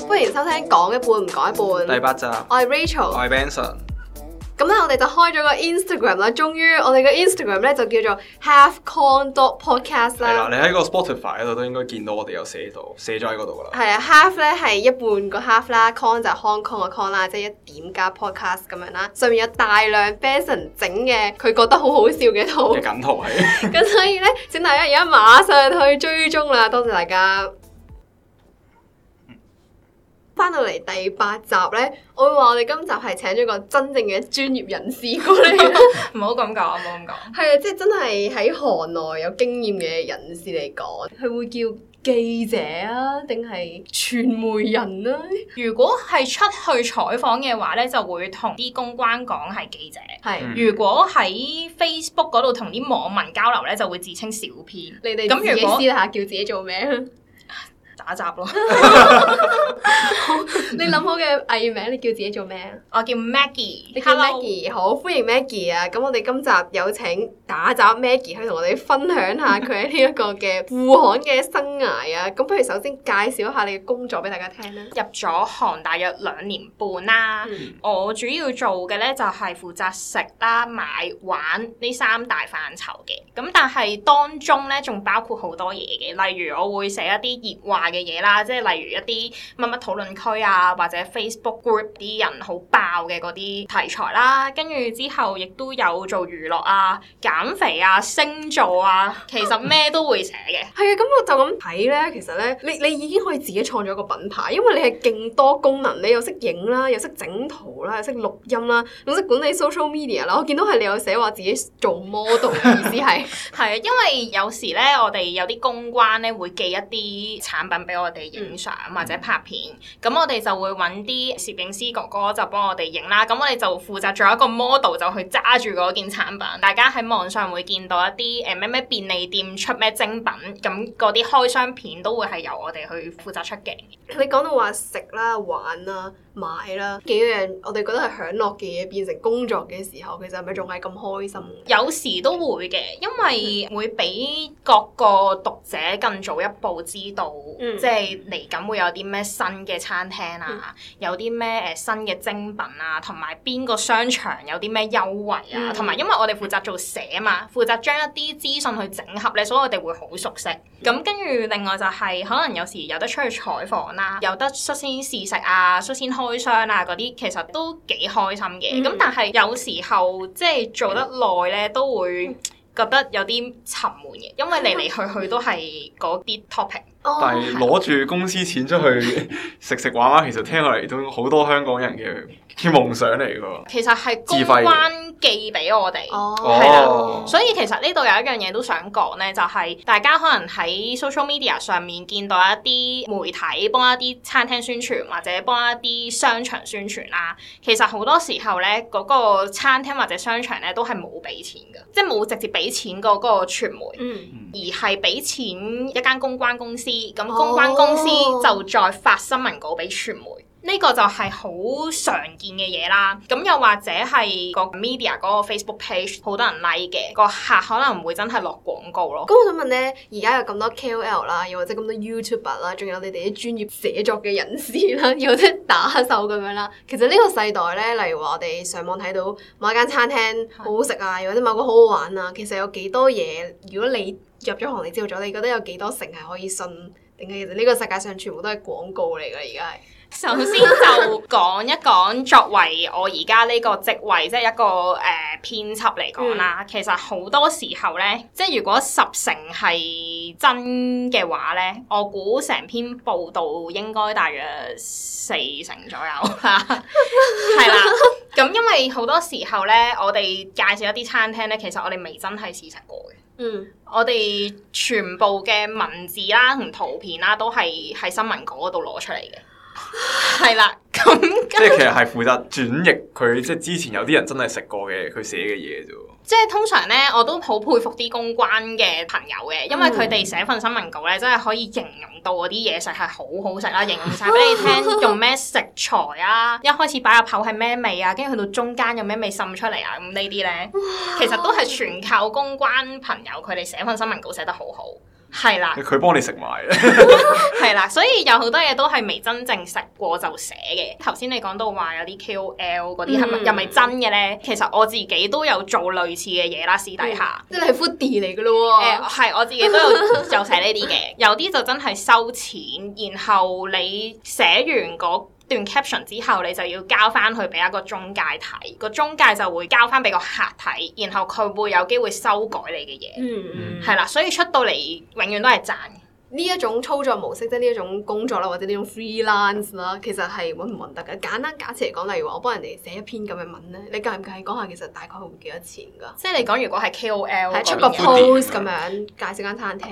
歡迎收聽講一半唔講一半第八集。我係 Rachel，我係 Benson。我咁我哋就開咗個 Instagram 啦，終於我哋個 Instagram 咧就叫做 HalfCon dot Podcast 啦。係啦，你喺個 Spotify 嗰度都應該見到我哋有寫到，寫咗喺嗰度噶啦。係啊，Half 咧係一半個 Half 啦，Con 就係 Hong Kong 嘅 Con 啦，即係一點加 Podcast 咁樣啦。上面有大量 Benson 整嘅，佢覺得好好笑嘅套嘅梗圖係。咁 所以咧，請大家而家馬上去追蹤啦！多謝大家。翻到嚟第八集咧，我會話我哋今集係請咗個真正嘅專業人士過嚟， 唔好咁講，唔好咁講。係啊，即係真係喺行內有經驗嘅人士嚟講，佢會叫記者啊，定係傳媒人啦、啊。如果係出去採訪嘅話咧，就會同啲公關講係記者。係是。嗯、如果喺 Facebook 嗰度同啲網民交流咧，就會自稱小編。你哋咁，自己私下叫自己做咩？打雜咯， 好你諗好嘅藝名，你叫自己做咩？我叫 Maggie，你叫 Maggie，Hello 好歡迎 Maggie 啊！咁我哋今集有請打雜 Maggie 去同我哋分享下佢喺呢一個嘅副刊嘅生涯啊！咁 不如首先介紹一下你嘅工作俾大家聽啦。啊、入咗行大約兩年半啦，嗯、我主要做嘅咧就係負責食啦、買、玩呢三大範疇嘅。咁但係當中咧仲包括好多嘢嘅，例如我會寫一啲熱話嘅。嘢啦，即係例如一啲乜乜討論區啊，或者 Facebook group 啲人好爆嘅嗰啲題材啦，啊，跟住之後亦都有做娛樂啊、減肥啊、星座啊，其實咩都會寫嘅。係啊， 咁我就咁睇咧，其實咧，你你已經可以自己創造一個品牌，因為你係勁多功能，你又識影啦，又識整圖啦，又識錄音啦，仲識管理 social media 啦。我見到係你有寫話自己做 model，意思係。係啊，因為有時咧，我哋有啲公關咧會寄一啲產品。俾我哋影相或者拍片，咁、嗯、我哋就會揾啲攝影師哥哥就幫我哋影啦。咁我哋就負責做一個 model，就去揸住嗰件產品。大家喺網上會見到一啲誒咩咩便利店出咩精品，咁嗰啲開箱片都會係由我哋去負責出嘅。你講到話食啦、玩啦、買啦，幾樣我哋覺得係享樂嘅嘢，變成工作嘅時候，其實係咪仲係咁開心？有時都會嘅，因為會比各個讀者更早一步知道。嗯即係嚟緊會有啲咩新嘅餐廳啊，有啲咩誒新嘅精品啊，同埋邊個商場有啲咩優惠啊，同埋因為我哋負責做寫嘛，負責將一啲資訊去整合呢，所以我哋會好熟悉。咁跟住另外就係、是、可能有時有得出去採訪啦、啊，有得率先試食啊，率先開箱啊嗰啲，其實都幾開心嘅。咁、嗯、但係有時候即係做得耐咧，都會覺得有啲沉悶嘅，因為嚟嚟去去都係嗰啲 topic。但係攞住公司錢出去食食玩玩，其實聽落嚟都好多香港人嘅夢想嚟噶。其實係公關寄俾我哋，的哦，係啦。所以其實呢度有一樣嘢都想講咧，就係、是、大家可能喺 social media 上面見到一啲媒體幫一啲餐廳宣傳或者幫一啲商場宣傳啦、啊。其實好多時候咧，嗰個餐廳或者商場咧都係冇俾錢嘅，即係冇直接俾錢嗰嗰個傳媒，嗯、而係俾錢一間公關公司。咁，公關公司、oh. 就再發新聞稿俾傳媒。呢個就係好常見嘅嘢啦，咁又或者係個 media 嗰個 Facebook page 好多人 like 嘅，個客可能唔會真係落廣告咯。咁我想問咧，而家有咁多 KOL 啦，又或者咁多 YouTuber 啦，仲有你哋啲專業寫作嘅人士啦，又或者打手咁樣啦。其實呢個世代咧，例如話我哋上網睇到某間餐廳好好食啊，的又或者某個好好玩啊，其實有幾多嘢？如果你入咗行，你知道咗，你覺得有幾多成係可以信？定係其實呢個世界上全部都係廣告嚟噶？而家係。首先就講一講，作為我而家呢個職位，即係一個誒編輯嚟講啦。呃嗯、其實好多時候呢，即係如果十成係真嘅話呢，我估成篇報道應該大約四成左右吓。係 啦的，咁 因為好多時候呢，我哋介紹一啲餐廳呢，其實我哋未真係試食過嘅。嗯，我哋全部嘅文字啦，同圖片啦，都係喺新聞稿嗰度攞出嚟嘅。係啦，咁即係其實係負責轉譯佢，即係之前有啲人真係食過嘅，佢寫嘅嘢啫。即係通常咧，我都好佩服啲公關嘅朋友嘅，因為佢哋寫份新聞稿咧，真係可以形容到嗰啲嘢食係好好食啦，形容晒俾你聽用咩食材啊， 一開始擺入口係咩味啊，跟住去到中間有咩味滲出嚟啊，咁呢啲咧，其實都係全靠公關朋友佢哋寫份新聞稿寫得好好。係啦，佢幫你食埋。係 啦，所以有好多嘢都係未真正食過就寫嘅。頭先你講到話有啲 KOL 嗰啲，係咪又咪真嘅咧？其實我自己都有做類似嘅嘢啦，私底下即係 Foodie 嚟噶咯。誒、呃，係我自己都有有寫呢啲嘅，有啲 就真係收錢，然後你寫完嗰、那個。段 caption 之後，你就要交翻去俾一個中介睇，個中介就會交翻俾個客睇，然後佢會有機會修改你嘅嘢，係啦、嗯嗯，所以出到嚟永遠都係賺呢一種操作模式即係呢一種工作啦，或者呢種 freelance 啦，其實係搵唔搵得嘅。簡單假設嚟講，例如話我幫人哋寫一篇咁嘅文咧，你介唔介意講下其實大概會幾多錢㗎？即係你講，如果係 KOL，係出個 post 咁樣介紹間餐廳，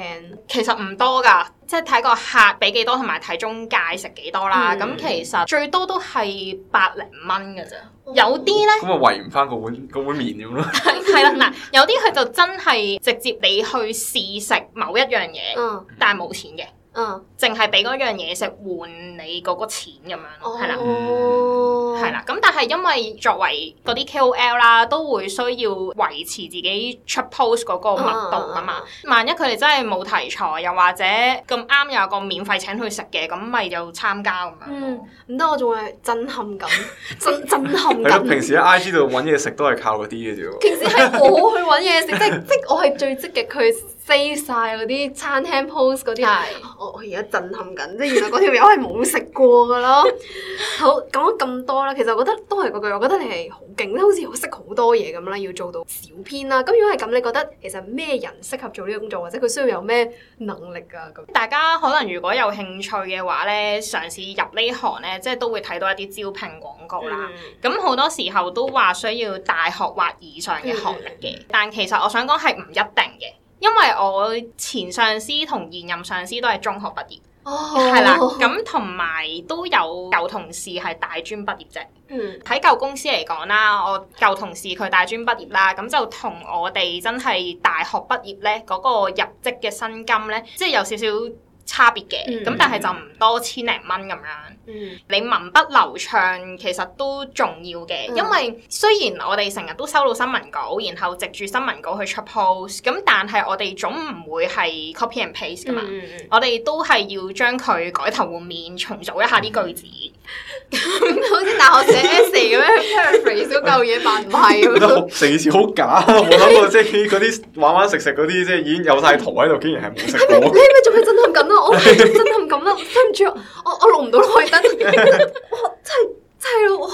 其實唔多㗎，即係睇個客俾幾多，同埋睇中介食幾多啦。咁、嗯、其實最多都係百零蚊㗎咋。有啲咧，咁啊，圍唔翻個碗，個碗麵咁咯。係係啦，嗱，有啲佢就真係直接你去試食某一樣嘢，嗯、但係冇錢嘅。嗯，淨係俾嗰樣嘢食換你嗰個錢咁樣，係啦，係啦。咁但係因為作為嗰啲 K O L 啦，都會需要維持自己出 post 嗰個密度啊嘛。啊，萬一佢哋真係冇題材，又或者咁啱有個免費請佢食嘅，咁咪就參加咁樣。嗯，唔得我仲會震撼咁， 震震撼咁。 平時喺 I G 度搵嘢食都係靠嗰啲嘅啫。平時係我去搵嘢食，即即 我係最積極去。飛晒嗰啲餐廳 post 嗰啲係，我我而家震撼緊，即係原來嗰條友係冇食過嘅咯。 好講咗咁多啦，其實我覺得都係嗰句，我覺得你係好勁啦，好似我識好多嘢咁啦，要做到小編啦。咁如果係咁，你覺得其實咩人適合做呢個工作，或者佢需要有咩能力啊？咁大家可能如果有興趣嘅話咧，嘗試入呢行咧，即係都會睇到一啲招聘廣告啦。嗯、咁好多時候都話需要大學或以上嘅學歷嘅，嗯、但其實我想講係唔一定嘅。因為我前上司同現任上司都係中學畢業，係啦、oh.，咁同埋都有舊同事係大專畢業啫。嗯，喺舊公司嚟講啦，我舊同事佢大專畢業啦，咁就同我哋真係大學畢業咧嗰、嗰個入職嘅薪金咧，即係有少少差別嘅，咁、mm. 但係就唔多千零蚊咁樣。你文筆流暢其實都重要嘅，因為雖然我哋成日都收到新聞稿，然後藉住新聞稿去出 post，咁但係我哋總唔會係 copy and paste 噶嘛。嗯、我哋都係要將佢改頭換面，重組一下啲句子，好似大學寫 essay 咁 樣 paraphrase 嗰嚿嘢，但唔係，成件 好假。我諗過即係嗰啲玩玩食食嗰啲，即係已經有晒圖喺度，竟然係冇食過，你係咪仲係震撼緊啊！我係震 撼緊啦，跟住我我錄唔到耐。 哇！真係真係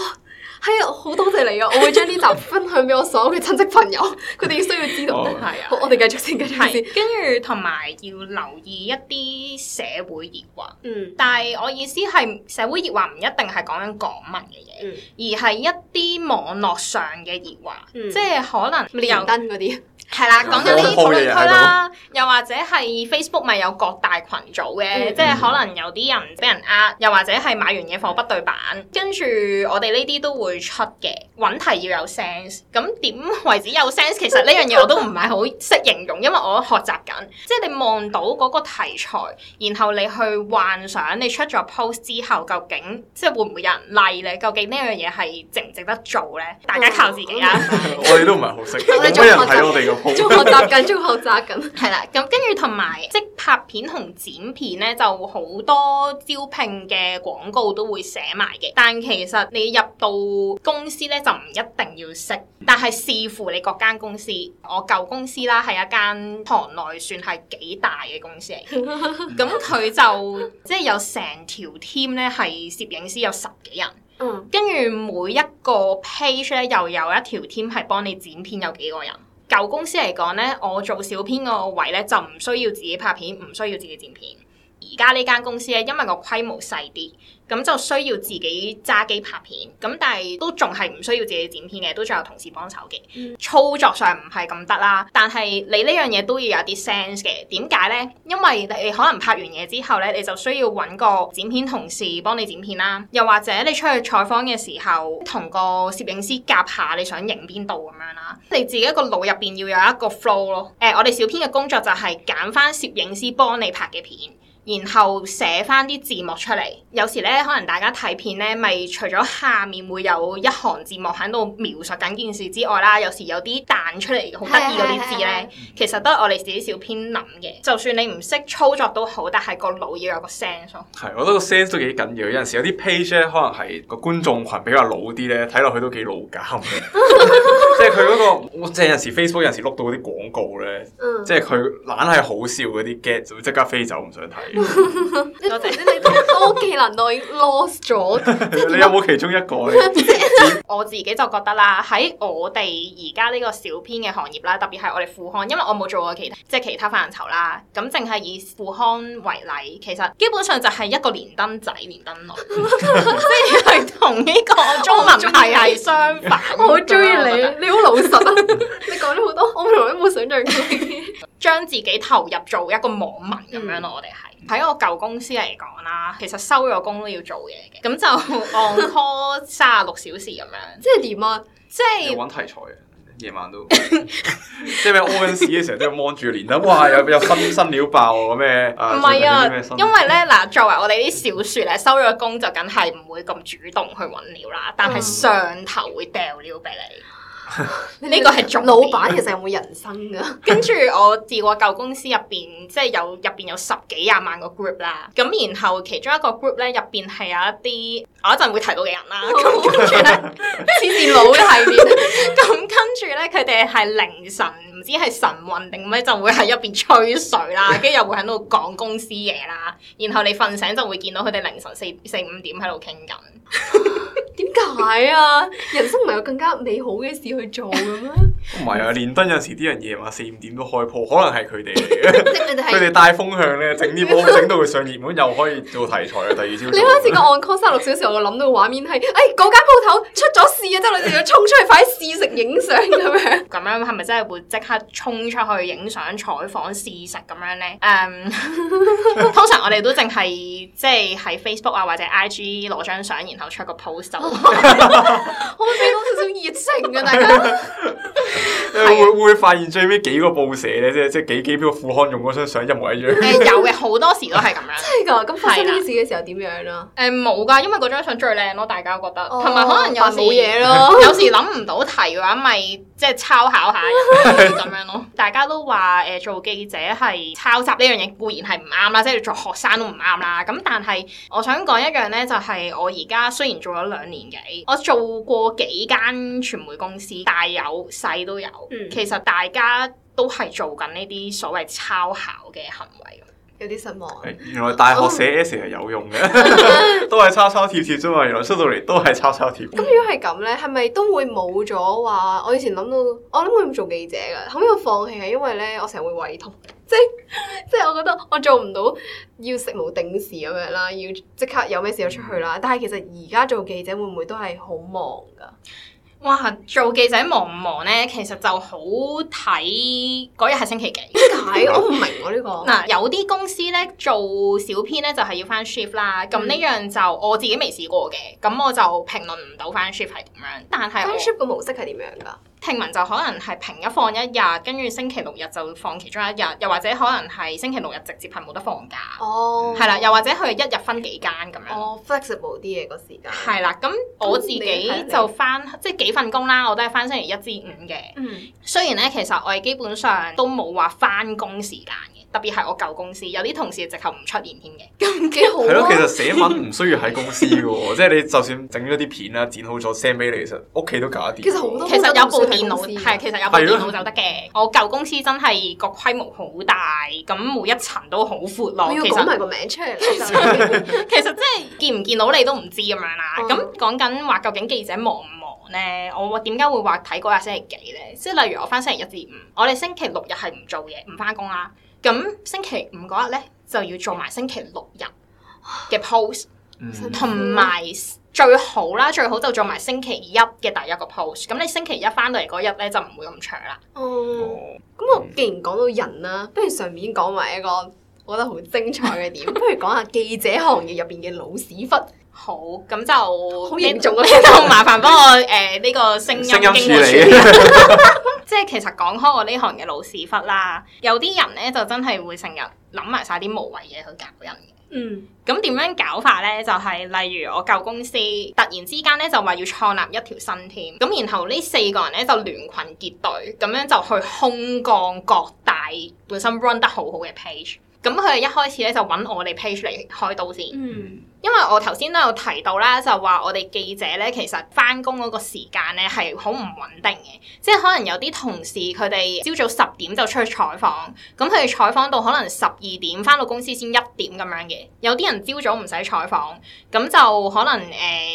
係啊，好多謝你啊！我會將呢集分享俾我所有嘅親戚朋友，佢哋需要知道。係啊、 oh.，我哋繼續先，繼續是跟住同埋要留意一啲社會熱話。嗯，但係我意思係社會熱話唔一定係講緊港聞嘅嘢，嗯、而係一啲網絡上嘅熱話，嗯、即係可能連登嗰啲。係啦，講緊啲討論區啦，又或者係 Facebook 咪有各大群組嘅，嗯、即係可能有啲人俾人呃，又或者係買完嘢貨不對版。跟住我哋呢啲都會出嘅。揾題要有 sense，咁點為止有 sense？其實呢樣嘢我都唔係好識形容， 因為我學習緊。即係你望到嗰個題材，然後你去幻想你出咗 post 之後，究竟即係會唔會有人嚟咧？究竟呢樣嘢係值唔值得做咧？大家靠自己啊！ 我哋都唔係好識，冇中學習緊，中學習緊，係啦。 咁跟住同埋，即拍片同剪片咧，就好多招聘嘅廣告都會寫埋嘅。但其實你入到公司咧，就唔一定要識，但係視乎你嗰間公司。我舊公司啦，係一間行內算係幾大嘅公司嚟。咁佢就即係有成條 team 咧，係攝影師有十幾人。嗯，跟住每一個 page 咧，又有一條 team 係幫你剪片，有幾個人。舊公司嚟講呢，我做小編個位呢，就唔需要自己拍片，唔需要自己剪片。而家呢間公司咧，因為個規模細啲，咁就需要自己揸機拍片，咁但係都仲係唔需要自己剪片嘅，都仲有同事幫手嘅。嗯、操作上唔係咁得啦，但係你呢樣嘢都要有啲 sense 嘅。點解呢？因為你可能拍完嘢之後咧，你就需要揾個剪片同事幫你剪片啦，又或者你出去採訪嘅時候，同個攝影師夾下你想影邊度咁樣啦。你自己個腦入邊要有一個 flow 咯。誒、呃，我哋小編嘅工作就係揀翻攝影師幫你拍嘅片。然後寫翻啲字幕出嚟，有時咧可能大家睇片咧，咪除咗下面會有一行字幕喺度描述緊件事之外啦，有時有啲彈出嚟好得意嗰啲字咧，是是是是其實都係我哋自己小編諗嘅。就算你唔識操作都好，但係個腦要有個 sense。係，我覺得個 sense 都幾緊要。有陣時有啲 page 咧，可能係個觀眾群比較老啲咧，睇落去都幾老㗎。即係佢嗰個，即係有時 Facebook 有時碌到嗰啲廣告咧，嗯、即係佢懶係好笑嗰啲 get 就會即刻飛走，唔想睇。多 謝，謝你都屋企人都 lost 咗， 你有冇其中一個咧？ 我自己就覺得啦，喺我哋而家呢個小編嘅行業啦，特別係我哋副刊，因為我冇做過其他即係其他範疇啦，咁淨係以副刊為例，其實基本上就係一個連登仔，連登女，即係同呢個中文系係相反。我好中意你，你好老實，啊， 你講咗好多，我從來都冇想象過，將 自己投入做一個網民咁樣咯，嗯、我哋係。喺我舊公司嚟講啦，其實收咗工都要做嘢嘅，咁就 on call 三十六小時咁樣，即係點乜，即係搵題材啊，夜晚都， 即係咩 overnight 成日都要望住連啦，哇有有新新料爆啊咩，唔係啊，啊因為咧嗱、啊，作為我哋啲小編咧， 收咗工就梗係唔會咁主動去搵料啦，但係上頭會掉料俾你。呢個係做老闆其實有冇人生噶？跟住我自我舊公司入邊，即係有入邊有十幾廿萬個 group 啦。咁然後其中一個 group 咧入邊係有一啲我一陣會，會提到嘅人啦。跟住咧黐電腦嘅係，咁跟住咧佢哋係凌晨唔知係晨運定咩就會喺入邊吹水啦，跟住又會喺度講公司嘢啦。然後你瞓醒就會見到佢哋凌晨四四五點喺度傾緊。 點解啊！ 人生唔係有更加美好嘅事去做嘅咩？ 唔係啊，連登有時啲人夜晚四五點都開鋪，可能係佢哋，嚟嘅。 是。佢哋帶風向咧，整啲鋪整到佢上熱門，又可以做題材啊！第二朝 你開始個 on call 三六小時，我諗到個畫面係，哎，嗰間鋪頭出咗事啊！即係你哋要衝出去快試食影相咁樣，咁 樣係咪真係會即刻衝出去影相採訪試食咁樣咧？誒、um, 通常我哋都淨係即係喺 Facebook 啊或者 IG 攞張相，然後出個 post，可唔可以俾多少少熱情啊大家？ 會會發現最尾幾個報社咧，即係即係幾幾個副刊用嗰張相一模一樣。誒、 呃，有嘅，好多時都係咁樣。真係噶，咁發生呢事嘅時候點樣啊？誒，冇、呃、噶，因為嗰張相最靚咯，大家覺得。同埋、哦、可能有冇嘢咯，有， 有時諗唔到題嘅話，咪。即係抄考下咁 樣咯，大家都話誒、呃、做記者係抄襲呢樣嘢固然係唔啱啦，即係做學生都唔啱啦。咁但係我想講一樣咧，就係、是、我而家雖然做咗兩年幾，我做過幾間傳媒公司，大有細都有，嗯、其實大家都係做緊呢啲所謂抄考嘅行為。有啲失望。原來大學寫 essay 係有用嘅，oh. 都係抄抄貼貼啫嘛。原來出到嚟都係抄抄貼貼。咁如果係咁呢，係咪都會冇咗話？我以前諗到，我諗會唔會做記者噶，後尾我放棄係因為呢，我成日會胃痛，即係即係我覺得我做唔到要無，要食無定時咁樣啦，要即刻有咩事就出去啦。但係其實而家做記者會唔會都係好忙噶？哇！做記者忙唔忙咧？其實就好睇嗰日係星期幾。點解 我唔明喎、啊、 呢個？嗱，有啲公司咧做小編咧就係、是、要返 shift 啦。咁呢、嗯、樣就我自己未試過嘅，咁我就評論唔到返 shift 係點樣。但係返 shift 嘅模式係點樣㗎？聽聞就可能係平一放一日，跟住星期六日就放其中一日，又或者可能係星期六日直接係冇得放假。哦，係啦，又或者佢一日分幾間咁樣。哦、oh，flexible 啲嘢、嗰個時間。係啦，咁我自己就返即係幾份工啦，我都係返星期一至五嘅。嗯。Mm. 雖然咧，其實我哋基本上都冇話返工時間。特別係我舊公司，有啲同事直頭唔出現添嘅，咁幾好、啊。係咯，其實寫文唔需要喺公司嘅喎， 即係你就算整咗啲片啦，剪好咗 send 俾你，其實屋企都搞得掂。其實好多，其實有部電腦係的，其實有部電腦就得嘅。的我舊公司真係個規模好大，咁每一層都好闊落。我要講埋個名出嚟。其實即係 見唔見到你都唔知咁樣啦。咁講緊話究竟記者忙唔忙咧？我話點解會話睇嗰日星期幾咧？即係例如我翻星期一至五，我哋星期六日係唔做嘢，唔翻工啦。咁星期五嗰日咧就要做埋星期六日嘅 post，同埋、嗯、最好啦，最好就做埋星期一嘅第一個 post。咁你星期一翻到嚟嗰日咧就唔會咁長啦。哦，咁我既然講到人啦，嗯、不如順便講埋一個我覺得好精彩嘅點，不如講下記者行業入邊嘅老屎忽。好，咁就好嚴重咧，就麻煩幫我誒呢、 呃這個聲音經聲音處理。 即係其實講開我呢行嘅老屎忽啦，有啲人咧就真係會成日諗埋晒啲無謂嘢去搞人嘅。嗯，咁點樣搞法咧？就係、是、例如我舊公司突然之間咧就話要創立一條新添，咁然後呢四個人咧就聯群結隊咁樣就去空降各大本身 run 得好好嘅 page，咁佢哋一開始咧就揾我哋 page 嚟開刀先。嗯。因為我頭先都有提到啦，就話我哋記者咧，其實翻工嗰個時間咧係好唔穩定嘅，即係可能有啲同事佢哋朝早十點就出去採訪，咁佢哋採訪到可能十二點，翻到公司先一點咁樣嘅。有啲人朝早唔使採訪，咁就可能誒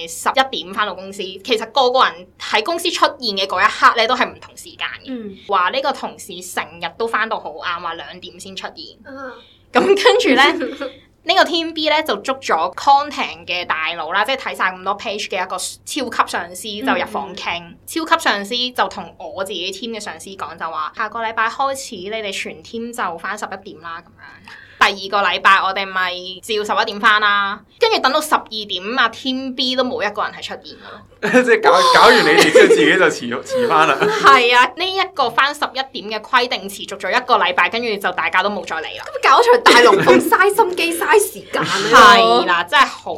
十一點翻到公司。其實個個人喺公司出現嘅嗰一刻咧，都係唔同時間嘅。話呢、嗯、個同事成日都翻到好晏，話兩點先出現。咁跟住咧。 呢個 Team B 咧就捉咗 Content 嘅大佬啦，即係睇晒咁多 page 嘅一個超級上司就入房傾，嗯嗯，超級上司就同我自己 Team 嘅上司講就話：下個禮拜開始你哋全 Team 就返十一點啦咁樣。第二個禮拜我哋咪照十一點返啦，跟住等到十二點啊，Team B 都冇一個人係出現咯。 即係搞搞完你，然之後自己就持續遲翻啦。係 啊，呢一個翻十一點嘅規定持續咗一個禮拜，跟住就大家都冇再嚟啦。咁咪 搞出大龍鳳，嘥心機嘥時間咯。係啦、 啊，真係好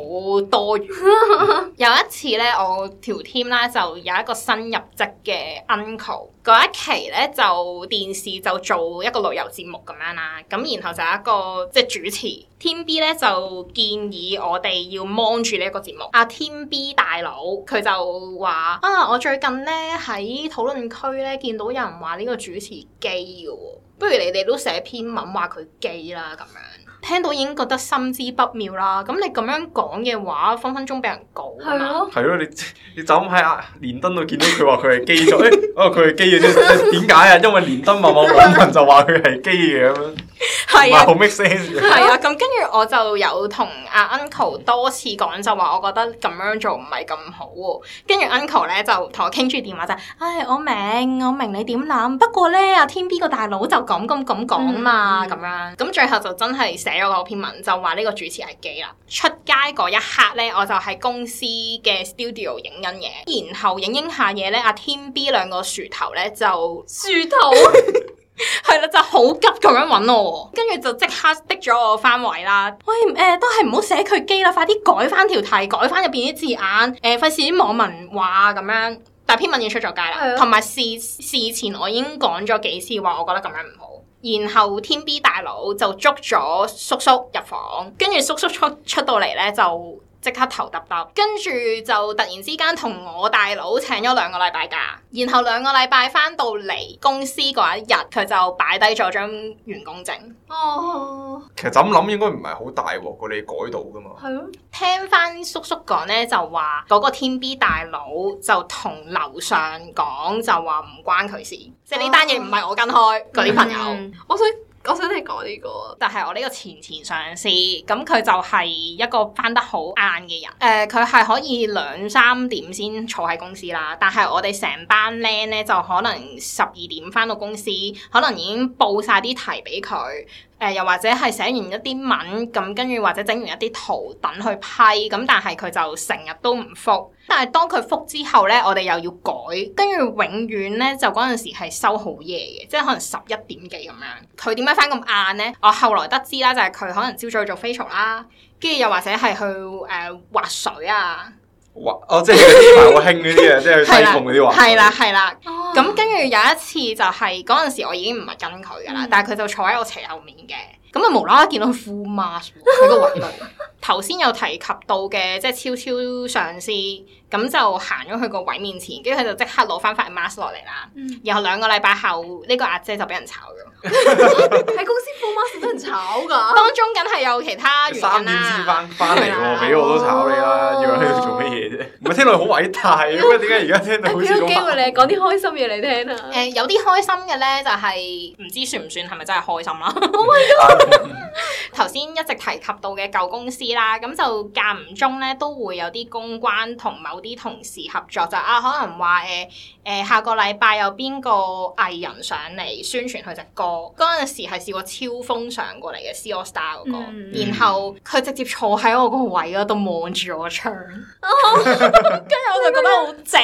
多餘。 有一次咧，我條 team 啦，就有一個新入職嘅 uncle，嗰一期咧就電視就做一個旅遊節目咁樣啦，咁然後就有一個即係主持。Team B 咧就建議我哋要望住呢一個節目。阿 Team B 大佬佢就話：啊，我最近咧喺討論區咧見到有人話呢個主持基嘅喎，不如你哋都寫篇文話佢基啦咁樣。聽到已經覺得心知不妙啦！咁你咁樣講嘅話，分分鐘俾人告。係咯、啊。係咯，你你就咁喺阿連登度見到佢話佢係基咗，誒，哦佢係基嘅啫，點解啊？因為連登某某部分就話佢係基嘅咁樣，係啊，好 make sense？係啊，咁跟住我就有同阿 Uncle 多次講，就話我覺得咁樣做唔係咁好。呢跟住 Uncle 咧就同我傾住電話就是，唉、哎，我明我明你點諗，不過咧阿天 B 個大佬就咁咁咁講嘛，咁、嗯嗯、樣，咁最後就真係寫咗嗰篇文就話呢個主持係基啦，出街嗰一刻咧，我就喺公司嘅 studio 影緊嘢，然後影影下嘢咧，阿、 啊、Tim B 兩個薯頭咧就薯頭係啦，就好 樹頭 急咁樣搵我，跟住就即刻滴咗我翻位啦，喂，誒、呃，都係唔好寫佢基啦，快啲改翻條題，改翻入邊啲字眼，誒、呃，費事啲網民話咁樣，但篇文已經出咗街啦，同埋的事事前我已經講咗幾次話，我覺得咁樣唔好。然後天 B 大佬就捉咗叔叔入房，跟住叔叔出出到嚟呢就。即刻頭揼揼，跟住就突然之間同我大佬請咗兩個禮拜假，然後兩個禮拜翻到嚟公司嗰一日，佢就擺低咗張員工證。哦，其實就咁諗應該唔係好大喎，佢你改到噶嘛。係咯、啊，聽翻叔叔講咧，就話嗰個天 B 大佬就同樓上講，就話唔關佢事，即係呢單嘢唔係我跟開嗰啲朋友。我、嗯哦、所以。我想你講呢個，但係我呢個前前上司，咁佢就係一個返得好晏嘅人。誒、呃，佢係可以兩三點先坐喺公司啦，但係我哋成班僆咧就可能十二點返到公司，可能已經報晒啲題俾佢。誒、呃、又或者係寫完一啲文咁，跟住或者整完一啲圖等去批，咁但係佢就成日都唔覆。但係當佢覆之後咧，我哋又要改，跟住永遠咧就嗰陣時係收好夜嘅，即係可能十一點幾咁樣。佢點解返咁晏咧？我後來得知啦，就係、是、佢可能朝早去做 facial 啦，跟住又或者係去誒滑、呃、水啊。哇！哦，即係啲牌好興嗰啲嘢， 即係西貢嗰啲話。係啦，係啦。咁跟住有一次就係嗰陣時，我已經唔係跟佢噶啦，但係佢就坐喺我斜後面嘅，咁啊無啦啦見到佢 full match 喺個位度。頭先有提及到嘅，即係超超上司，咁就行咗去個位面前，跟住佢就即刻攞翻塊 mask 落嚟啦。嗯、然後兩個禮拜後，呢、這個阿姐就俾人炒咗，喺公司副 mask 俾人炒噶。當中梗係有其他原因啦、啊。翻翻嚟俾我都炒你啦，要喺度做乜嘢啫？唔係聽落好偉大嘅咩？點解而家聽到好似機會咧？講啲、 呃、開心嘢嚟聽啊！誒、就是，有啲開心嘅咧，就係唔知算唔算係咪真係開心啦？Oh my god！頭先 一直提及到嘅舊公司啦。啊，咁就間唔中咧，都會有啲公關同某啲同事合作，就啊，可能話誒誒，下個禮拜有邊個藝人上嚟宣傳佢隻歌，嗰陣時係試過超風上過嚟嘅 C AllStar 嗰、那個、嗯然哦，然後佢直接坐喺我個位咯，都望住我唱，跟住我就覺得好正，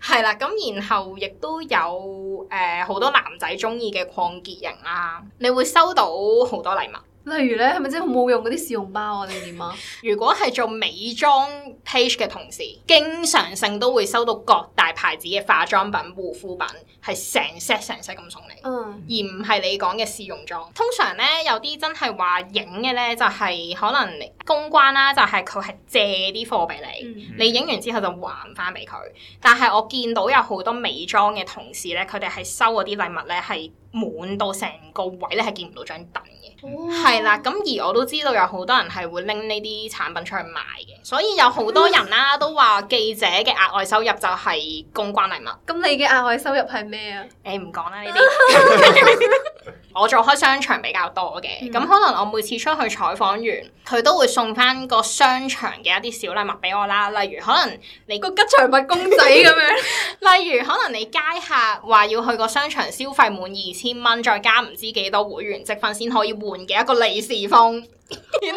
係啦、 嗯，咁、哦、然後亦都有誒、呃、好多男仔中意嘅曠杰型啦，你會收到好多禮物。例如咧，係咪真係冇用嗰啲試用包啊？定點啊？ 如果係做美妝 page 嘅同事，經常性都會收到各大牌子嘅化妝品、護膚品，係成 set 成 set 咁送嚟。嗯。而唔係你講嘅試用裝。通常咧，有啲真係話影嘅咧，就係、是、可能公關啦，就係佢係借啲貨俾你，嗯、你影完之後就還翻俾佢。但係我見到有好多美妝嘅同事咧，佢哋係收嗰啲禮物咧，係滿到成個位咧，係見唔到張凳。係啦，咁、哦、而我都知道有好多人係會拎呢啲產品出去賣嘅，所以有好多人啦、啊、都話記者嘅額外收入就係公關禮物。咁、嗯、你嘅額外收入係咩啊？誒、欸，唔講啦呢啲。 我做開商場比較多嘅，咁、嗯、可能我每次出去採訪完，佢都會送翻個商場嘅一啲小禮物俾我啦。例如可能你個吉祥物公仔咁樣，例如可能你街客話要去個商場消費滿二千蚊，再加唔知幾多會員積分先可以。換嘅一個利是封，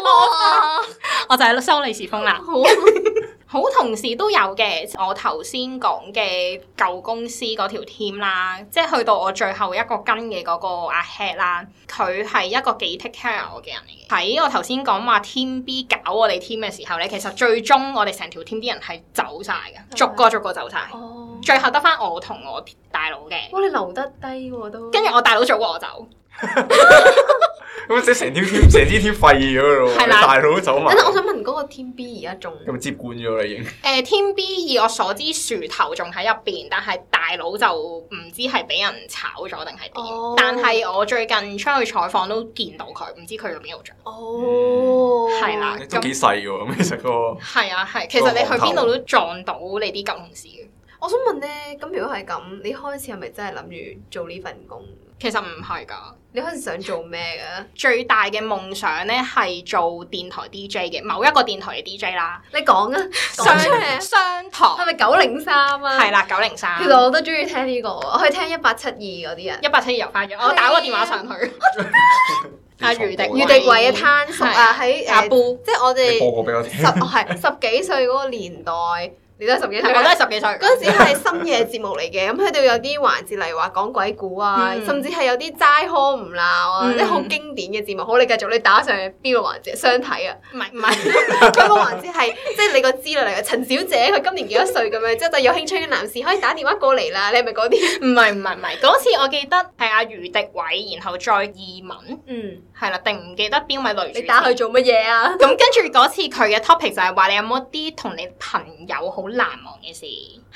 我、啊、 我就喺度收利是封啦。好, 好同事都有嘅，我頭先講嘅舊公司嗰條 team 啦，即係去到我最後一個跟嘅嗰個阿 head 啦，佢係一個幾 take care 我嘅人嚟嘅。喺我頭先講話 team B 搞我哋 team 嘅時候咧，其實最終我哋成條 team 啲人係走晒㗎，嗎逐個逐個走晒。哦，oh. 最後得翻我同我大佬嘅。我哋、oh, 留得低喎、哦、都。跟住我大佬早過我走。咁即係成天天成日天廢咗咯，大佬走埋。我想問嗰個 Team B 而家仲有冇接管咗啦？已經誒，Team B 以我所知，樹頭仲喺入邊，但係大佬就唔知係俾人炒咗定係點。但係我最近出去採訪都見到佢，唔知佢喺邊度撞。哦，係啦，都幾細喎，咁其實個。係啊，係。其實你去邊度都撞到你啲舊同事嘅。我想問咧，咁如果係咁，你開始係咪真係諗住做呢份工？其實唔係噶。你開始想做咩嘅？最大嘅夢想咧係做電台 DJ 嘅，某一個電台嘅 DJ 啦。你講啊，雙雙堂係咪九零三啊？係啦，九零三。其實我都中意聽呢個，我去聽一八七二嗰啲啊。一八七二又翻咗。我打個電話上去。阿余迪，余迪偉嘅攤熟啊，喺誒，即係我哋播過俾我聽哦，係十幾歲嗰個年代。你都十幾歲，我都係十幾歲。嗰陣時係深夜節目嚟嘅，咁佢哋有啲環節，例如話講鬼故啊，甚至係有啲齋呵唔鬧啊，啲好經典嘅節目。好，你繼續，你打上去，邊個環節相睇啊？唔係唔係，嗰個環節係即係你個資料嚟嘅。陳小姐佢今年幾多歲咁樣？之後就有興趣嘅男士可以打電話過嚟啦。你係咪嗰啲？唔係唔係唔係，嗰次我記得係阿余迪偉，然後再移民。嗯，係啦，定唔記得邊位女？你打去做乜嘢啊？咁跟住嗰次佢嘅 topic 就係話你有冇啲同你朋友好好難忘嘅事。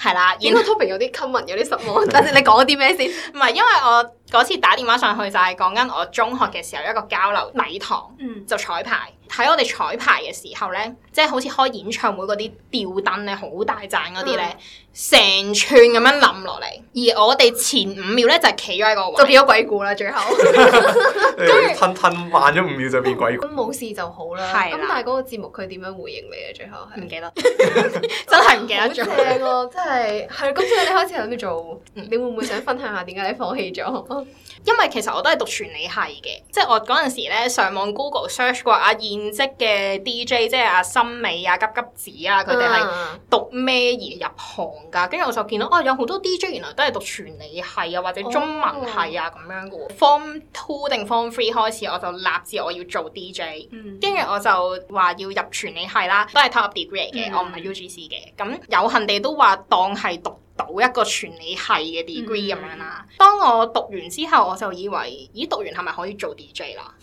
係啦，而個 topic 有啲 common，有啲失望。等陣你講啲咩先？唔係，因為我嗰次打電話上去就係講緊我中學嘅時候一個交流禮堂，就彩排。喺我哋彩排嘅時候咧，即係好似開演唱會嗰啲吊燈咧，好大盞嗰啲咧，成串咁樣冧落嚟。而我哋前五秒咧就係企咗喺個位，就變咗鬼故啦。最後，跟住吞吞慢咗五秒就變鬼故，咁冇事就好啦。咁但係嗰個節目佢點樣回應你呀？最後係唔記得，真係唔記得咗。正真係～係，係咁即係你開始諗住做，你會唔會想分享下點解你放棄咗？ 因為其實我都係讀傳理係嘅，即係我嗰陣時咧上網 Google search 過阿、啊、現職嘅 DJ，即係阿森美啊、急急子啊，佢哋係讀咩而入行噶？跟住我就見到哦、嗯啊，有好多 DJ 原來都係讀傳理係啊，或者中文係啊咁、哦、樣噶。Form two 定 Form three 開始，我就立志我要做 DJ，跟住、嗯、我就話要入傳理係啦，都係 top up degree 嘅，嗯、我唔係 UGC 嘅，咁有幸地都話讀。我係讀到一個傳理系嘅 degree 咁、嗯、樣啦。當我讀完之後，我就以為，咦，讀完係咪可以做 DJ 啦？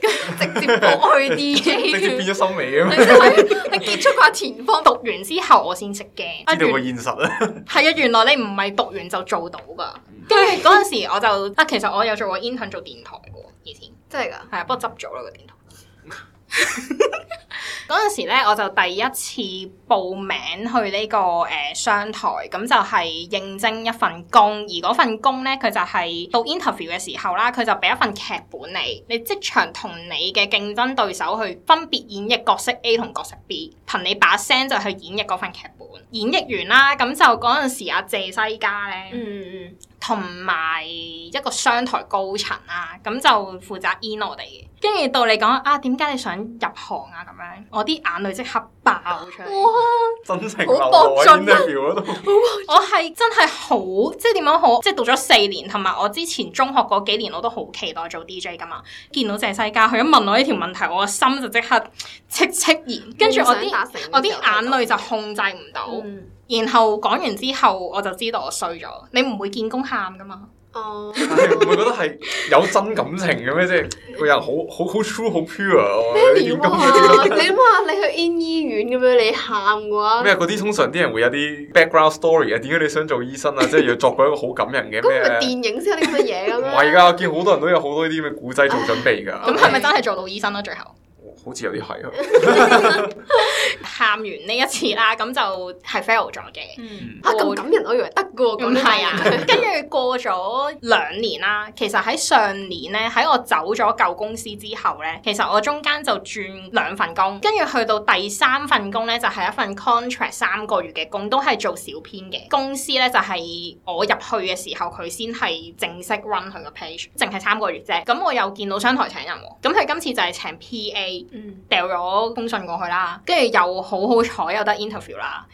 咁 直接過去 DJ， 直接變咗新味啊！ 你結束個前方，讀完之後我先識驚。知道個現實咧，係啊原，原來你唔係讀完就做到噶。跟住嗰陣時，我就啊，其實我有做過 intern 做電台嘅，以前即係噶，係啊， 不過執咗啦個電台。 嗰陣時咧，我就第一次報名去呢、這個誒、呃、商台，咁就係應徵一份工。而嗰份工咧，佢就係、是、到 interview 嘅時候啦，佢就俾一份劇本你，你即場同你嘅競爭對手去分別演繹角色 A 同角色 B，憑你把聲就去演繹嗰份劇本。演繹完啦，咁就嗰陣時阿、啊、謝茜嘉咧，嗯，同埋一個商台高層啦、啊，咁就負責 in 我哋嘅。跟住到你講啊，點解你想入行啊？咁樣。我啲眼淚即刻爆出嚟，哇真情流下呢條我係真係好，即係點樣好？即係讀咗四年，同埋我之前中學嗰幾年，我都好期待做 DJ 噶嘛。見到謝西嘉佢一問我呢條問題，我個心就即刻戚戚然，跟住我啲我啲眼淚就控制唔到。嗯、然後講完之後，我就知道我衰咗。你唔會見工喊噶嘛？哦，我、uh、會唔會覺得係有真感情嘅咩即係，個 人好好好 true 好 pure 你點啊？啊 你諗下，你去 in 醫院咁咩？你喊嘅話咩？嗰啲通常啲人會有啲 background story 啊。點解你想做醫生啊？即係 要作過一個好感人嘅咩？咁 電影先有啲咁嘅嘢咁。哇！ 而家我見好多人都有好多呢啲咩古仔做準備㗎。咁係咪真係做到醫生啦、啊？最後？好似有啲係咯，喊 完呢一次啦，咁就係 fail 咗嘅。嚇咁感人我以為得嘅喎，咁係啊。跟住 過咗兩年啦，其實喺上年咧，喺我走咗舊公司之後咧，其實我中間就轉兩份工，跟住去到第三份工咧，就係一份 contract 三個月嘅工，都係做小編嘅公司咧，就係我入去嘅時候佢先係正式 run 佢個 page，淨係三個月啫。咁我又見到商台請人喎，咁佢今次就係請 PA。掉咗封信過去啦，跟住又好好彩有得 interview 啦。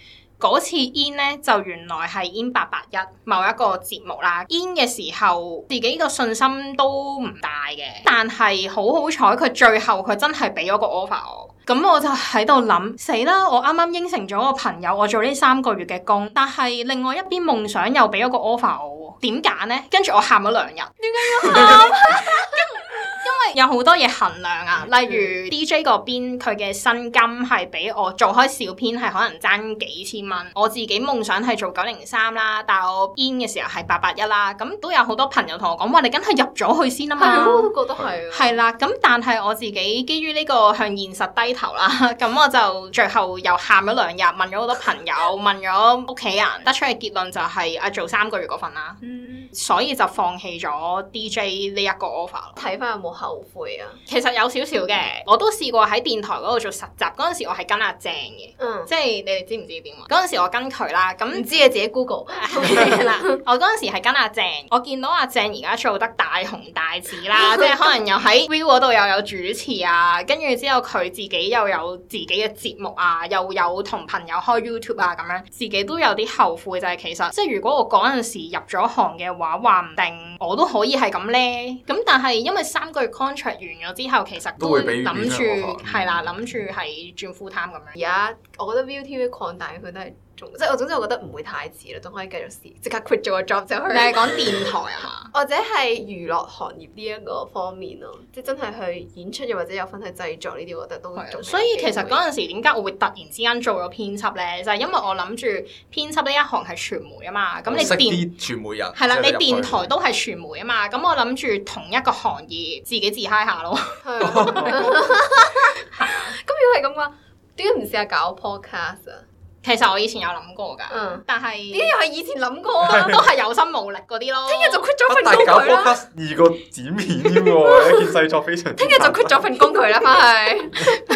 嗰次 in 呢，就原來係 in 八八一某一個節目啦。Mm hmm. in 嘅時候自己個信心都唔大嘅，但係好好彩佢最後佢真係俾咗個 offer 我。咁我就喺度諗，死啦！我啱啱應承咗個朋友，我做呢三個月嘅工，但係另外一邊夢想又俾咗個 offer 我，點揀呢？跟住我喊咗兩日，點解要喊？ 因為有好多嘢衡量啊，例如 DJ 個邊佢嘅薪金係俾我做開小編係可能爭幾千蚊，我自己夢想係做九零三啦，但我 in 嘅時候係八八一啦，咁都有好多朋友同我講話，你梗係入咗去先啊嘛，都、哦、覺得係係啦，咁但係我自己基於呢個向現實低頭啦，咁 我就最後又喊咗兩日，問咗好多朋友， 問咗屋企人，得出嘅結論就係、是、啊做三個月嗰份啦，嗯、所以就放棄咗 DJ 呢一個 offer。睇翻，有冇後悔啊！其實有少少嘅，我都試過喺電台嗰度做實習，嗰陣時我係跟阿鄭嘅，嗯、即係你哋知唔知點啊？嗰陣時我跟佢啦，咁唔知你自己 Google 我嗰陣時係跟阿鄭，我見到阿鄭而家做得大紅大紫啦， 即係可能又喺 view 嗰度又有主持啊，跟住之後佢自己又有自己嘅節目啊，又有同朋友開 YouTube 啊，咁樣自己都有啲後悔，就係、是、其實即係如果我嗰陣時入咗行嘅話，話唔定我都可以係咁呢。咁但係因為三個月。contract 完咗之後，其實都諗住係啦，諗住係轉 full time 咁樣。而家我覺得 ViuTV 擴大佢都係。即係我總之我覺得唔會太遲啦，都可以繼續試，即刻 quit 咗個 job 就去。你係講電台啊， 或者係娛樂行業呢一個方面咯，即係真係去演出又或者有分去製作呢啲，我覺得都做。所以其實嗰陣時點解我會突然之間做咗編輯咧，就係、是、因為我諗住編輯呢一行係傳媒啊嘛，咁你電傳媒人係啦，你電台都係傳媒啊嘛，咁我諗住同一個行業自己自嗨下咯。咁如果係咁嘅話，點解唔試下搞 podcast 啊？其實我以前有諗過㗎，但係呢又係以前諗過都係有心無力嗰啲咯。聽日就 quit 咗份工佢啦。大搞復二個剪片喎，一件細作非常。聽日就 quit 咗份工具啦，翻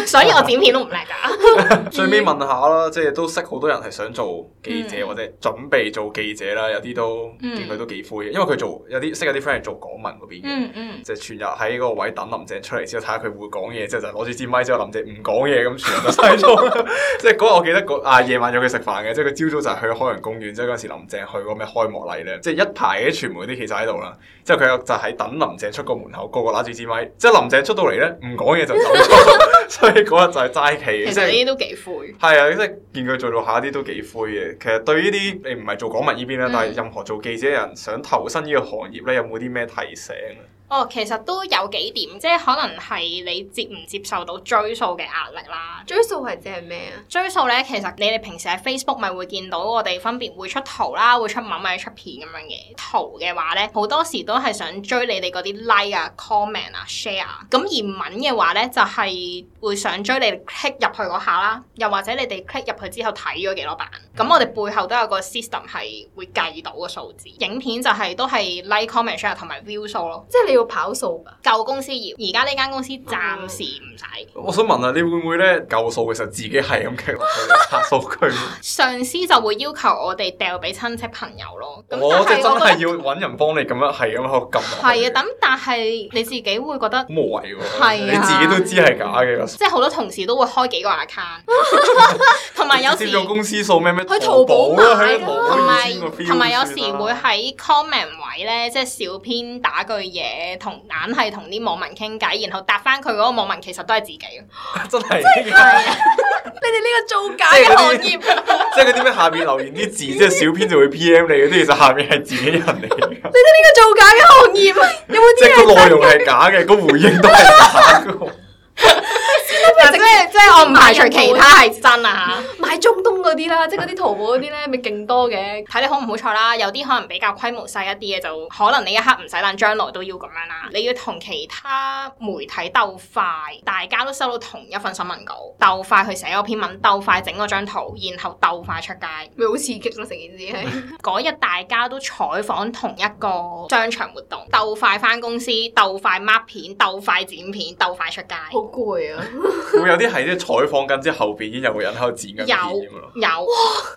去。所以我剪片都唔叻㗎。最尾問下啦，即係都識好多人係想做記者或者準備做記者啦，有啲都見佢都幾灰嘅，因為佢做有啲識有啲 friend 係做港聞嗰邊嘅，即係全日喺嗰個位等林鄭出嚟之後睇下佢會唔會講嘢，之後就攞住支咪之後林鄭唔講嘢咁全日都失咗。即係嗰日我記得啊，夜約佢食飯嘅，即係佢朝早就係去海洋公園，即係嗰時林鄭去過咩開幕禮咧，即係一排嘅傳媒啲記者喺度啦，之後佢就係等林鄭出個門口，個個拿住支咪，即係林鄭出到嚟咧，唔講嘢就走咗。 所以嗰日就係齋企，其實呢都幾灰，係啊，即係見佢做到下啲都幾灰嘅。其實對呢啲你唔係做港聞呢邊啦，嗯、但係任何做記者嘅人想投身呢個行業咧，有冇啲咩提醒啊？哦，其實都有幾點，即係可能係你接唔接受到追數嘅壓力啦。追數係即係咩啊？追數咧，其實你哋平時喺 Facebook 咪會見到我哋分別會出圖啦，會出文或者出片咁樣。嘅圖嘅話咧，好多時都係想追你哋嗰啲 like 啊、comment 啊、share 啊。咁而文嘅話咧，就係會想追你 click 入去嗰下啦，又或者你哋 click 入去之後睇咗幾多版。咁我哋背後都有個 system 係會計到個數字。影片就係都係 like、comment、share 同埋 view 數咯，即係你要跑數噶舊公司要，而家呢間公司暫時唔使、嗯。我想問下你會唔會咧舊數其實自己係咁計落去刷數區？上司就會要求我哋掉俾親戚朋友咯。我、嗯、即哇真係要揾人幫你咁樣，係咁喺度撳。係啊，咁但係你自己會覺得好無謂喎。係啊的，你自己都知係假嘅。即係好多同事都會開幾個 account，同埋有時。接 公司數咩咩？去淘寶啊，喺同埋同埋有時會喺 comment 位咧，即係小編打句嘢。誒，同硬係同啲網民傾偈，然後答翻佢嗰個網民，其實都係自己、啊。真係， 你哋呢個造假嘅行業，即係點解下面留言啲字，即係 小編就會 PM 你，嗰啲其實下面係自己人嚟。你哋呢個造假嘅行業，有冇？即係個內容係假嘅，個 回應都係假嘅。 即係我唔排除其他係真啊吓，買買中東嗰啲啦， 即係嗰啲淘寶嗰啲咧，咪勁 多嘅，睇你好唔好彩啦。有啲可能比較規模細一啲嘅，就可能你一刻唔使，等，將來都要咁樣啦。你要同其他媒體鬥快，大家都收到同一份新聞稿，鬥快去寫嗰篇文，鬥快整嗰張圖，然後鬥快出街，咪好刺激咯！成 件事，嗰日 大家都採訪同一個商場活動，鬥快返公司，鬥快 mark 片，鬥快剪片，鬥快出街，好攰累啊！ 會有啲係即係採訪緊，之後邊已經有人喺度剪緊片有，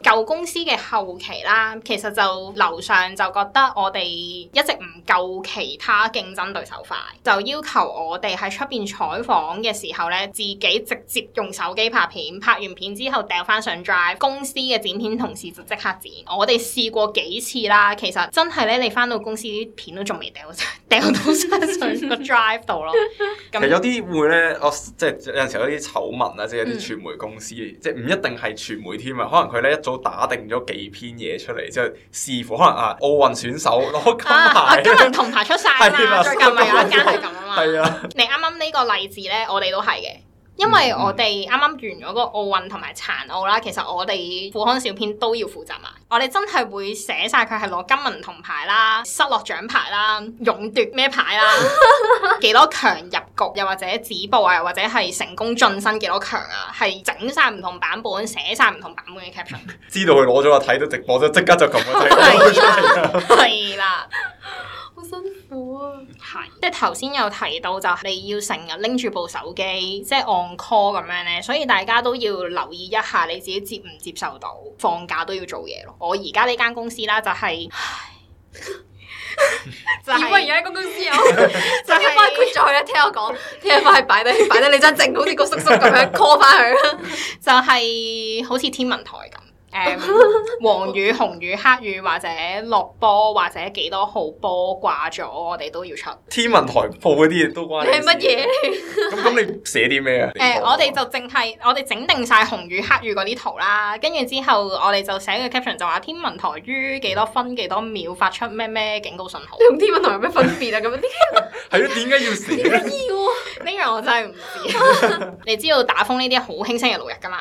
舊公司嘅後期啦，其實就樓上就覺得我哋一直唔夠其他競爭對手快，就要求我哋喺出邊採訪嘅時候咧，自己直接用手機拍片，拍完片之後掉翻上 drive，公司嘅剪片同事就即刻剪。我哋試過幾次啦，其實真係咧，你翻到公司啲片都仲未掉，掉到上個 drive 度咯。 其實有啲會咧，我即係。時候啲醜聞啊，即係啲傳媒公司，嗯、即係唔一定係傳媒添啊，可能佢咧一早打定咗幾篇嘢出嚟，之後視乎可能啊奧運選手攞金牌，啊啊、金銀銅牌出晒啦，的最近咪的的有一間係咁啊嘛。的你啱啱呢個例子咧，我哋都係嘅。因為我哋啱啱完咗個奧運同埋殘奧啦，其實我哋副刊小編都要負責嘛。我哋真係會寫晒佢係攞金銀銅牌啦，失落獎牌啦，勇奪咩牌啦，幾多強入局，又或者止步啊，又或者係成功晉身幾多強啊，係整晒唔同版本，寫晒唔同版本嘅 caption。知道佢攞咗啊，睇到直播，我即刻就咁啦，係啦， 係啦。好辛苦啊！係，即係頭先有提到，就你要成日拎住部手機，即係按 call 咁樣咧，所以大家都要留意一下你自己接唔接受到，放假都要做嘢咯。我而家呢間公司啦、就是， 就係、是，而家呢間公司有就又，聽我講，聽日返去擺低擺低你張證，好似個叔叔咁樣 call 翻佢，就係、是、好似天文台咁。誒，um, 黃雨、紅雨、黑雨或者落波或者幾多號波掛咗，我哋都要出天文台報嗰啲嘢都掛。係乜嘢？咁 咁你寫啲咩啊？誒、uh, 嗯，我哋就淨係 我哋整定晒紅雨、黑雨嗰啲圖啦。跟住之後我哋就寫個 caption 就話天文台於幾多分幾多秒發出咩咩警告信號。咁天文台有咩分別啊？咁樣啲係咯，點解要寫？要呢樣我真係唔知， 你知道打風呢啲好興星期六日噶嘛？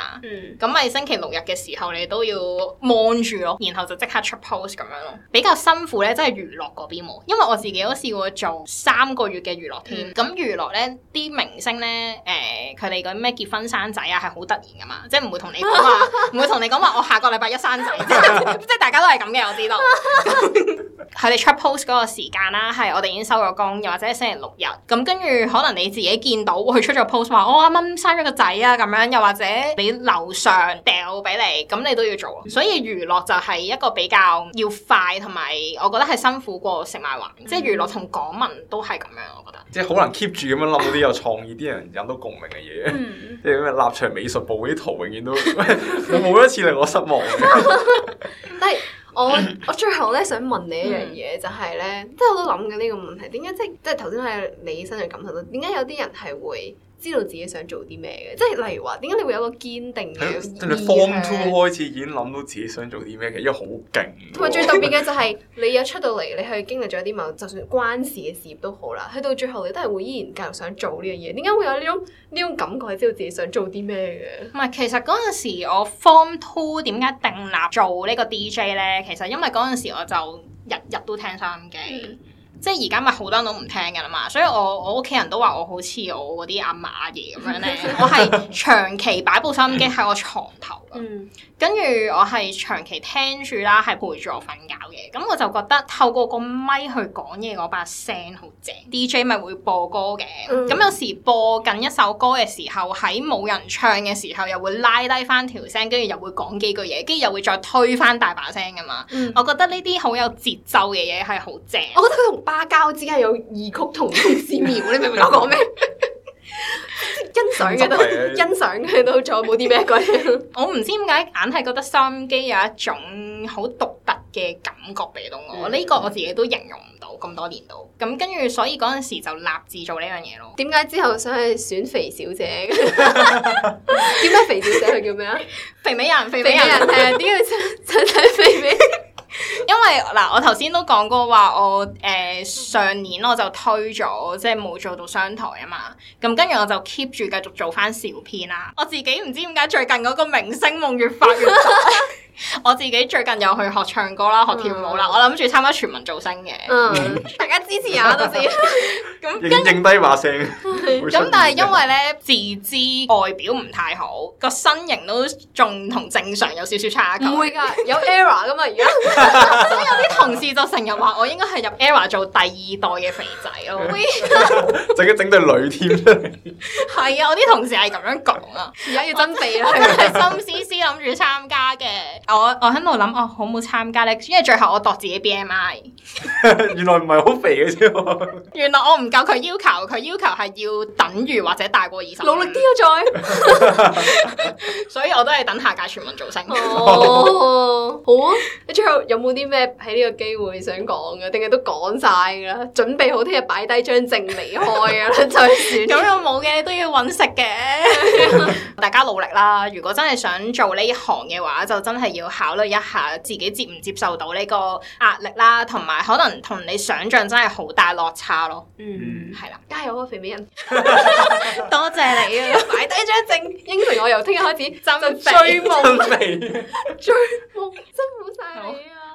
咁咪、嗯、星期六日嘅時候，你都要望住咯，然後就即刻出 post 咁樣咯。比較辛苦咧，真係娛樂嗰邊喎，因為我自己都試過做三個月嘅娛樂添。咁娛樂咧，啲明星咧，誒、呃，佢哋嗰啲咩結婚生仔啊，係好突然噶嘛，即係唔會同你講話，唔 會同你講話，我下個禮拜一生仔，即係 大家都係咁嘅，我知道佢哋 出 post 嗰個時間啦、啊，係我哋已經收咗工，又或者星期六日，咁跟住可能你自己。你見到佢出咗 post 話我啱啱生咗個仔啊咁樣，又或者你樓上掉俾你，咁你都要做。所以娛樂就係一個比較要快，同埋我覺得係辛苦過食玩買。即係娛樂同港文都係咁樣，我覺得。即係好難 keep 住咁樣諗到啲有創意、啲人有到共鳴嘅嘢。嗯。即係立場美術部啲圖永遠都冇 一次令我失望。 但係。我 我最後咧想問你一樣嘢，就係咧，即係我都諗緊呢個問題，點解即係即係頭先喺你身上感受到，點解有啲人係會知道自己想做啲咩嘅，即係例如話，點解你會有個堅定嘅？你 form two 開始已經諗到自己想做啲咩嘅，因為好勁。同埋最特別嘅就係、是、 你有出到嚟，你去經歷咗啲某，就算關事嘅事業都好啦，去到最後你都係會依然繼續想做呢樣嘢。點解會有呢種呢種感覺？知道自己想做啲咩嘅？唔係，其實嗰陣時我 form two 點解定立做呢個 DJ 咧？其實因為嗰陣時我就日日都聽收音機。嗯即係而家咪好多人都唔聽嘅啦嘛，所以我我屋企人都話我好似我嗰啲阿嫲阿爺咁樣咧， 我係長期擺部收音機喺我床頭嘅，跟住、嗯、我係長期聽住啦，係陪住我瞓覺嘅。咁我就覺得透過個咪去講嘢嗰把聲好正，DJ 咪會播歌嘅。咁、嗯、有時播緊一首歌嘅時候，喺冇人唱嘅時候，又會拉低返條聲，跟住又會講幾句嘢，跟住又會再推返大把聲㗎嘛。嗯、我覺得呢啲好有節奏嘅嘢係好正。嗯、我覺得佢同花膠之間有異曲同工之妙，你明唔明我講咩？欣賞嘅都，欣賞佢都，仲有冇啲咩鬼？我唔知點解，硬係覺得收音機有一種好獨特嘅感覺俾到我，呢個我自己都形容唔到咁多年度。咁跟住，所以嗰陣時就立志做呢樣嘢咯。點解之後想去選肥小姐？點解肥小姐佢叫咩啊？肥美人，肥美人係點解點樣肥美？ 因為嗱，我頭先都講過話，我誒、呃、上年我就推咗，即係冇做到商台啊嘛。咁跟住我就 keep 住繼續做翻小編啦。我自己唔知點解最近嗰個明星夢越發越多。我自己最近又去學唱歌啦，學跳舞啦，我諗住參加全民造星嘅。嗯，大家支持下到時。咁應低把聲。咁 但係因為咧自知外表唔太好，個身形都仲同正常有少少差距。唔會噶，有 error 噶嘛而家。所以 有啲同事就成日話我應該係入 error 做第二代嘅肥仔咯。整 一整對女添。係啊， 我啲同事係咁樣講啊。而家要增肥咯，係心 思思諗住參加嘅。我我喺度諗哦，好冇參加咧，因為最後我度自己 BMI， 原來唔係好肥嘅啫。 原來我唔夠佢要求，佢要求係要等於或者大過二十，努力啲啊再。 所以我都係等下屆全民造星。哦，oh, oh. 好啊，你最後有冇啲咩喺呢個機會想講嘅？定係都講晒噶啦，準備好聽日擺低張證離開噶啦，暫時。咁又冇嘅，都要搵食嘅。 大家努力啦，如果真係想做呢行嘅話，就真係。要考慮一下自己接唔接受到呢個壓力啦，同埋可能同你想象真係好大落差咯。嗯，係啦，加油啊肥美人！ 多謝你啊！擺低張證，應承 我由聽日開始皮追夢夢，追夢，辛苦晒你啊！